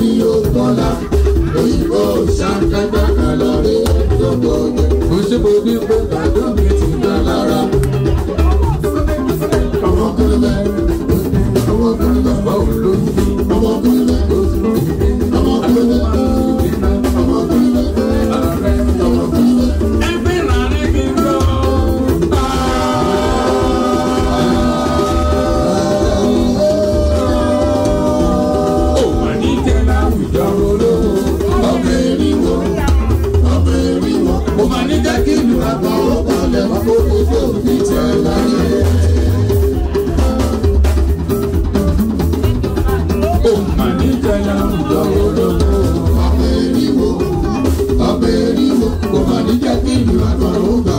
bí ó tọ́lá òyìnbó ṣàkàgbàkà lọ́rí gbogbo jẹ kò sí mo bí mo gbàdúrà mi ti gbà lára. àwọn kan lẹ àwọn kan lẹ. saúde.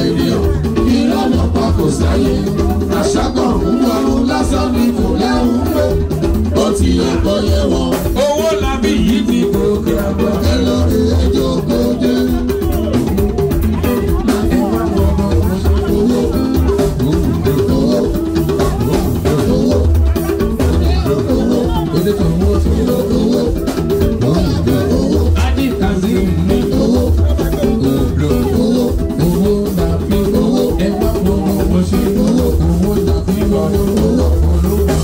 ènìyàn ìlànà pa kò sáyé àṣàkàn ń lásán ní kò lẹ́hùn pé ó ti yẹ kọ́ yẹ wọ́n. owó làbí yìí ti gòkè àgbà. ẹ lọ rí ẹjọ́ gbòde. Look at what you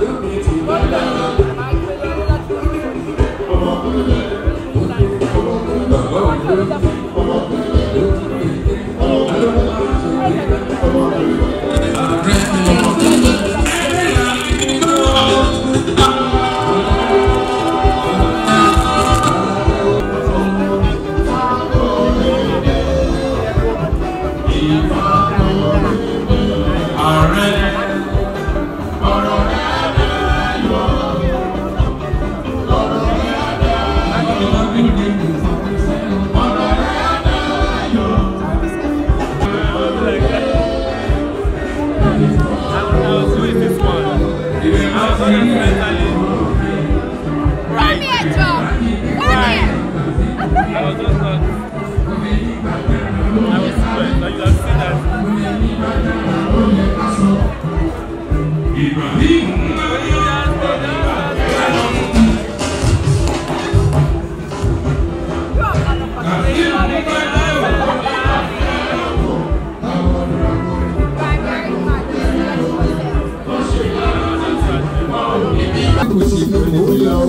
Thank you.